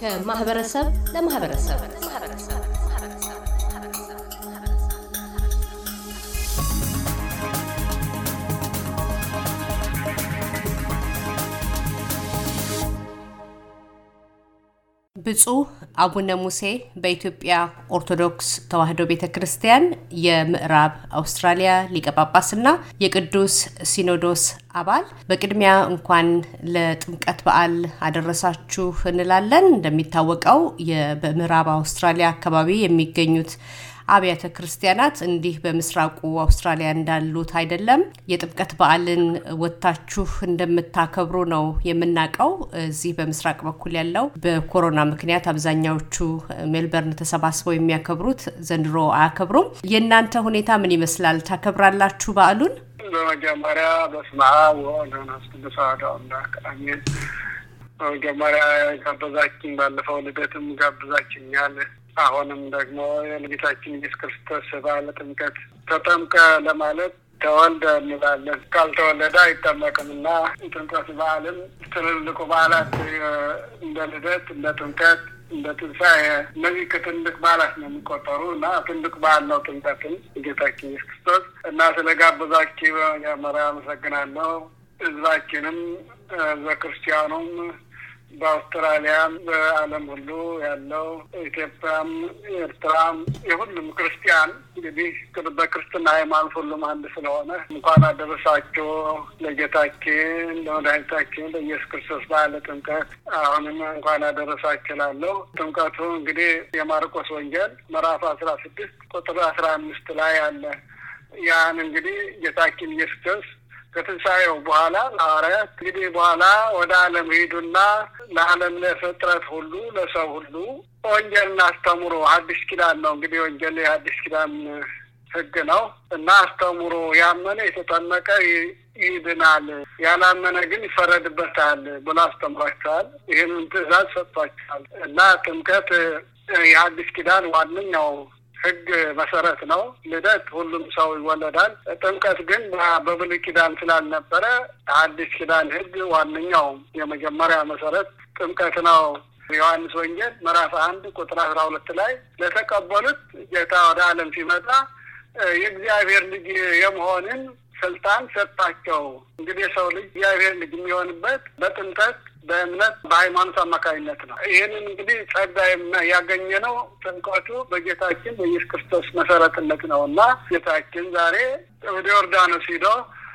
ከማህበረሰብ ለማህበረሰብ ብፁዕ አቡነ ሙሴ በኢትዮጵያ ኦርቶዶክስ ተዋሕዶ ቤተ ክርስቲያን የምዕራብ አውስትራሊያ ሊቀ ጳጳስና የቅዱስ ሲኖዶስ አባል፣ በቅድሚያ እንኳን ለጥምቀት በዓል አደረሳችሁ እንላለን። እንደሚታወቀው በምዕራብ አውስትራሊያ አካባቢ የሚገኙት አብያተ ክርስቲያናት እንዲህ በምስራቁ አውስትራሊያ እንዳሉት አይደለም። የጥምቀት በዓልን ወጥታችሁ እንደምታከብሩ ነው የምናውቀው። እዚህ በምስራቅ በኩል ያለው በኮሮና ምክንያት አብዛኛዎቹ ሜልበርን ተሰባስበው የሚያከብሩት ዘንድሮ አያከብሩም። የእናንተ ሁኔታ ምን ይመስላል? ታከብራላችሁ በዓሉን? በመጀመሪያ በስመ አብ ወወልድ ወመንፈስ ቅዱስ አሐዱ አምላክ አሜን። በመጀመሪያ ጋበዛችን ባለፈው ልደትም ጋብዛችኛል አሁንም ደግሞ የጌታችን ኢየሱስ ክርስቶስ በዓለ ጥምቀት ተጠምቀ ለማለት ተወልደ እንላለን። ካልተወለደ አይጠመቅም አይጠመቅምና ጥምቀት በዓልም ትልልቁ በዓላት እንደ ልደት፣ እንደ ጥምቀት፣ እንደ ትንሣኤ እነዚህ ከትልቅ በዓላት ነው የሚቆጠሩ እና ትልቅ በዓል ነው ጥምቀትን ጌታችን ኢየሱስ ክርስቶስ እና ስለ ጋበዛችሁ በመጀመሪያ አመሰግናለሁ። ህዝባችንም ዘክርስቲያኑም በአውስትራሊያም በዓለም ሁሉ ያለው ኢትዮጵያም፣ ኤርትራም የሁሉም ክርስቲያን እንግዲህ በክርስትና ሃይማኖት ሁሉም አንድ ስለሆነ እንኳን አደረሳችሁ ለጌታችን ለመድኃኒታችን ለኢየሱስ ክርስቶስ በዓለ ጥምቀት አሁንም እንኳን አደረሳችሁ እላለሁ። ጥምቀቱ እንግዲህ የማርቆስ ወንጌል ምዕራፍ አስራ ስድስት ቁጥር አስራ አምስት ላይ አለ። ያን እንግዲህ ጌታችን ኢየሱስ ክርስቶስ ከትንሣኤው በኋላ ለሐዋርያት እንግዲህ በኋላ ወደ ዓለም ሄዱና ለዓለም ለፍጥረት ሁሉ ለሰው ሁሉ ወንጌልን አስተምሮ አዲስ ኪዳን ነው እንግዲህ ወንጌል የአዲስ ኪዳን ሕግ ነው እና አስተምሮ ያመነ የተጠመቀ ይድናል፣ ያላመነ ግን ይፈረድበታል ብሎ አስተምሯቸዋል። ይህንን ትእዛዝ ሰጥቷቸዋል እና ጥምቀት የአዲስ ኪዳን ዋነኛው ህግ መሰረት ነው። ልደት ሁሉም ሰው ይወለዳል። ጥምቀት ግን በብሉይ ኪዳን ስላልነበረ አዲስ ኪዳን ህግ ዋነኛው የመጀመሪያ መሰረት ጥምቀት ነው። ዮሐንስ ወንጌል ምዕራፍ አንድ ቁጥር አስራ ሁለት ላይ ለተቀበሉት ጌታ ወደ ዓለም ሲመጣ የእግዚአብሔር ልጅ የመሆንን ስልጣን ሰጣቸው። እንግዲህ የሰው ልጅ እግዚአብሔር ልጅ የሚሆንበት በጥምቀት በእምነት በሃይማኖት አማካኝነት ነው። ይህንን እንግዲህ ጸጋ ያገኘ ነው ጥምቀቱ በጌታችን በኢየሱስ ክርስቶስ መሰረትነት ነው እና ጌታችን ዛሬ ወደ ዮርዳኖስ ሂዶ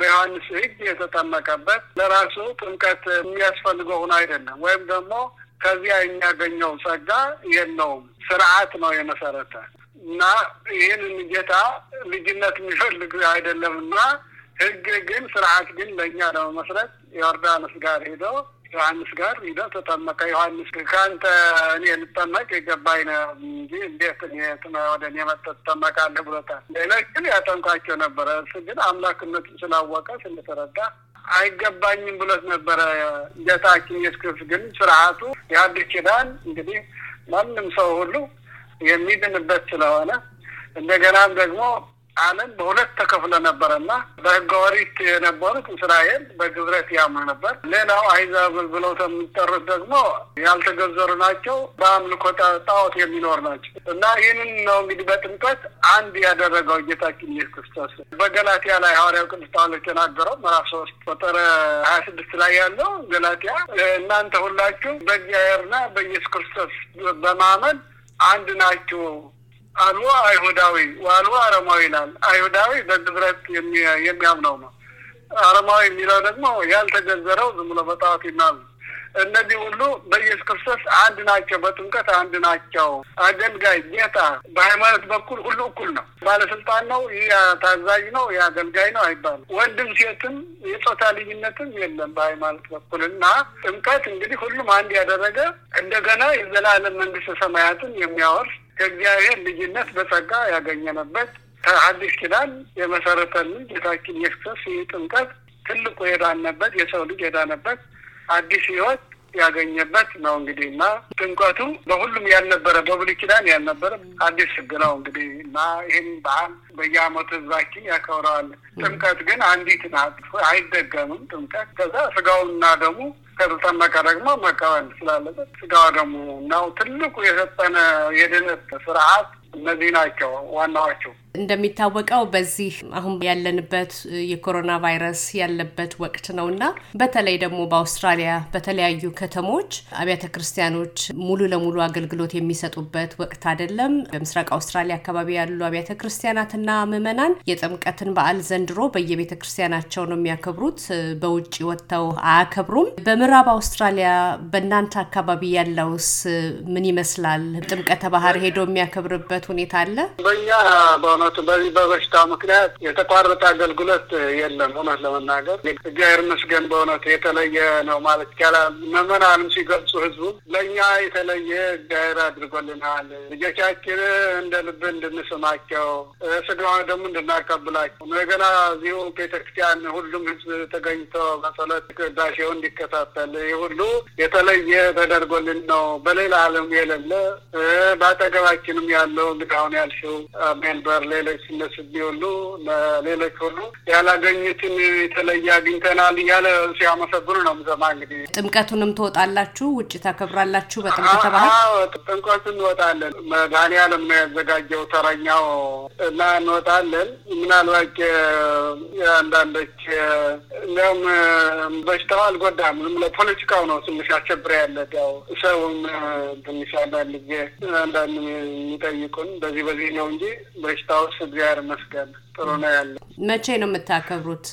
በዮሐንስ እጅ የተጠመቀበት ለራሱ ጥምቀት የሚያስፈልገው ሆኖ አይደለም ወይም ደግሞ ከዚያ የሚያገኘው ጸጋ የለውም። ስርዓት ነው የመሰረተ እና ይህንን ጌታ ልጅነት የሚፈልግ አይደለም እና ህግ ግን ስርዓት ግን ለእኛ ለመመስረት ዮርዳኖስ ጋር ሄደው ዮሐንስ ጋር ሂደው ተጠመቀ። ዮሐንስ ከአንተ እኔ ልጠመቅ የገባኝ ነው እንጂ እንዴት ወደ እኔ መጠ ትጠመቃለህ ብሎታል። ሌሎች ግን ያጠምቃቸው ነበረ። እሱ ግን አምላክነቱን ስላወቀ ስለተረዳ አይገባኝም ብሎት ነበረ። ጌታችን ኢየሱስ ክርስቶስ ግን ስርዓቱ የአዲስ ኪዳን እንግዲህ ማንም ሰው ሁሉ የሚድንበት ስለሆነ እንደገናም ደግሞ ዓለም በሁለት ተከፍለ ነበረና በሕገ ኦሪት የነበሩት እስራኤል በግብረት ያምኑ ነበር። ሌላው አይዛብ ብለው የሚጠሩት ደግሞ ያልተገዘሩ ናቸው፣ በአምልኮ ጣዖት የሚኖር ናቸው እና ይህንን ነው እንግዲህ በጥምቀት አንድ ያደረገው ጌታችን ኢየሱስ ክርስቶስ በገላትያ ላይ ሐዋርያው ቅዱስ ጳውሎስ የተናገረው ምዕራፍ ሶስት ቁጥር ሀያ ስድስት ላይ ያለው ገላትያ እናንተ ሁላችሁ በእግዚአብሔርና በኢየሱስ ክርስቶስ በማመን አንድ ናችሁ አልዎ አይሁዳዊ ዋንዎ አረማዊ ይላል። አይሁዳዊ በግብረት የሚያምነው ነው። አረማዊ የሚለው ደግሞ ያልተገዘረው ዝም ብሎ በጣዖት ይናሉ። እነዚህ ሁሉ በኢየሱስ ክርስቶስ አንድ ናቸው፣ በጥምቀት አንድ ናቸው። አገልጋይ ጌታ፣ በሃይማኖት በኩል ሁሉ እኩል ነው። ባለስልጣን ነው፣ ይህ ታዛዥ ነው፣ ይህ አገልጋይ ነው አይባሉ። ወንድም ሴትም የጾታ ልዩነትም የለም በሃይማኖት በኩል እና ጥምቀት እንግዲህ ሁሉም አንድ ያደረገ እንደገና የዘላለም መንግስተ ሰማያትን የሚያወርስ ከእግዚአብሔር ልጅነት በጸጋ ያገኘንበት ከሐዲስ ኪዳን የመሰረተልን ጌታችን ኢየሱስ ይህ ጥምቀት ትልቁ የዳነበት የሰው ልጅ የዳነበት አዲስ ህይወት ያገኘበት ነው። እንግዲህ እና ጥምቀቱ በሁሉም ያልነበረ በብሉይ ኪዳን ያልነበረ አዲስ ህግ ነው። እንግዲህ እና ይህን በዓል በየአመቱ ህዝባችን ያከብረዋል። ጥምቀት ግን አንዲት ናት፣ አይደገምም። ጥምቀት ከዛ ስጋውና ደሙ ከተጠመቀ ደግሞ መቀበል ስላለበት ስጋ ደግሞ እናው ትልቁ የሰጠነ የድህነት ስርዓት እነዚህ ናቸው ዋናዋቸው። እንደሚታወቀው በዚህ አሁን ያለንበት የኮሮና ቫይረስ ያለበት ወቅት ነው እና በተለይ ደግሞ በአውስትራሊያ በተለያዩ ከተሞች አብያተ ክርስቲያኖች ሙሉ ለሙሉ አገልግሎት የሚሰጡበት ወቅት አይደለም። በምስራቅ አውስትራሊያ አካባቢ ያሉ አብያተ ክርስቲያናትና ምዕመናን የጥምቀትን በዓል ዘንድሮ በየቤተ ክርስቲያናቸው ነው የሚያከብሩት። በውጭ ወጥተው አያከብሩም። በምዕራብ አውስትራሊያ በእናንተ አካባቢ ያለውስ ምን ይመስላል? ጥምቀተ ባህር ሄዶ የሚያከብርበት ሁኔታ አለ? በእኛ በእውነቱ በዚህ በበሽታ ምክንያት የተቋረጠ አገልግሎት የለም። እውነት ለመናገር እግዚአብሔር ይመስገን በእውነቱ የተለየ ነው ማለት ይቻላል። መመናንም ሲገልጹ ህዝቡ ለእኛ የተለየ እግዚአብሔር አድርጎልናል። ልጆቻችን እንደ ልብ እንድንስማቸው ስጋ ደግሞ እንድናቀብላቸው እንደገና እዚሁ ቤተክርስቲያን ሁሉም ህዝብ ተገኝቶ በጸሎት ቅዳሴው እንዲከታተል ይህ ሁሉ የተለየ ተደርጎልን ነው። በሌላ አለም የሌለ በአጠገባችንም ያለው እንግዲህ ያልሽው ሜልበር ሌሎች እነስቤ ሁሉ ለሌሎች ሁሉ ያላገኙትን የተለየ አግኝተናል እያለ ሲያመሰግኑ ነው ምሰማ። እንግዲህ ጥምቀቱንም ትወጣላችሁ፣ ውጭ ታከብራላችሁ። በጥምቀተ ባህል ጥምቀቱ እንወጣለን። መድኃኔዓለም ነው ያዘጋጀው ተረኛው እና እንወጣለን። ምናልባት አንዳንዶች እንዲያውም በሽታው አልጎዳም፣ ዝም ለፖለቲካው ነው ትንሽ አስቸብረ ያለት ያው ሰውም ትንሽ አንዳንድ ጊዜ አንዳንድ የሚጠይቁን በዚህ በዚህ ነው እንጂ በሽታው እግዚአብሔር ይመስገን ጥሩ ነው ያለው። መቼ ነው የምታከብሩት?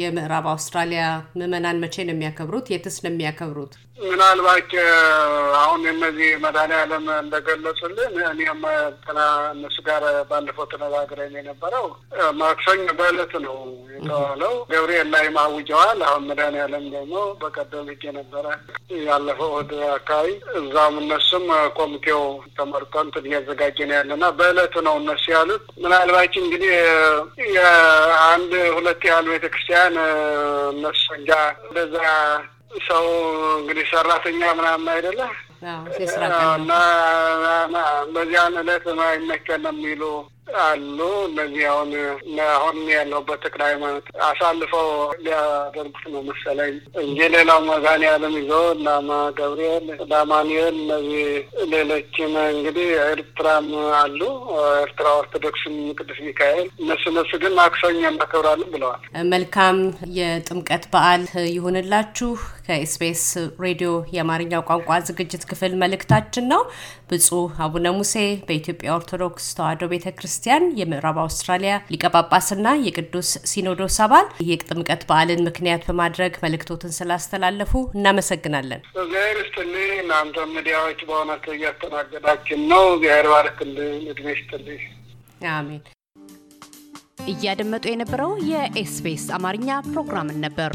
የምዕራብ አውስትራሊያ ምዕመናን መቼ ነው የሚያከብሩት? የትስ ነው የሚያከብሩት? ምናልባት አሁን እነዚህ መድኃኔዓለም እንደገለጹልን እኔም ጥና እነሱ ጋር ባለፈው ተነጋግረን የነበረው ማክሰኞ በእለት ነው የተዋለው። ገብርኤል ላይም አውጀዋል። አሁን መድኃኔዓለም ደግሞ በቀደም ህግ የነበረ ያለፈው እሑድ አካባቢ እዛም እነሱም ኮሚቴው ተመርጠን እያዘጋጀን ያለና በእለቱ ነው እነሱ ያሉት ምናልባች እንግዲህ አንድ ሁለት ያህል ቤተክርስቲያን መስጋ እንደዛ ሰው እንግዲህ ሰራተኛ ምናምን አይደለ እና በዚያን እለት አይመከንም የሚሉ አሉ። እነዚህ አሁን አሁን ያለሁበት ተክለ ሃይማኖት አሳልፈው ሊያደርጉት ነው መሰለኝ እንጂ ሌላው መድኃኔዓለም ይዞ ላማ ገብርኤል ዳማኑኤል፣ እነዚህ ሌሎችም እንግዲህ ኤርትራም አሉ ኤርትራ ኦርቶዶክስም ቅዱስ ሚካኤል እነሱ እነሱ ግን ማክሰኞ እናከብራለን ብለዋል። መልካም የጥምቀት በዓል ይሁንላችሁ። ከኤስቢኤስ ሬዲዮ የአማርኛ ቋንቋ ዝግጅት ክፍል መልእክታችን ነው። ብፁዕ አቡነ ሙሴ በኢትዮጵያ ኦርቶዶክስ ተዋሕዶ ቤተ ክርስቲያን ክርስቲያን የምዕራብ አውስትራሊያ ሊቀ ጳጳስና የቅዱስ ሲኖዶስ አባል የጥምቀት በዓልን ምክንያት በማድረግ መልእክቶትን ስላስተላለፉ እናመሰግናለን። እግዚአብሔር ይስጥልኝ። እናንተ ሚዲያዎች በእውነት እያስተናገዳችን ነው። እግዚአብሔር ባርክልኝ፣ እድሜ ይስጥልኝ። አሜን። እያደመጡ የነበረው የኤስቢኤስ አማርኛ ፕሮግራምን ነበር።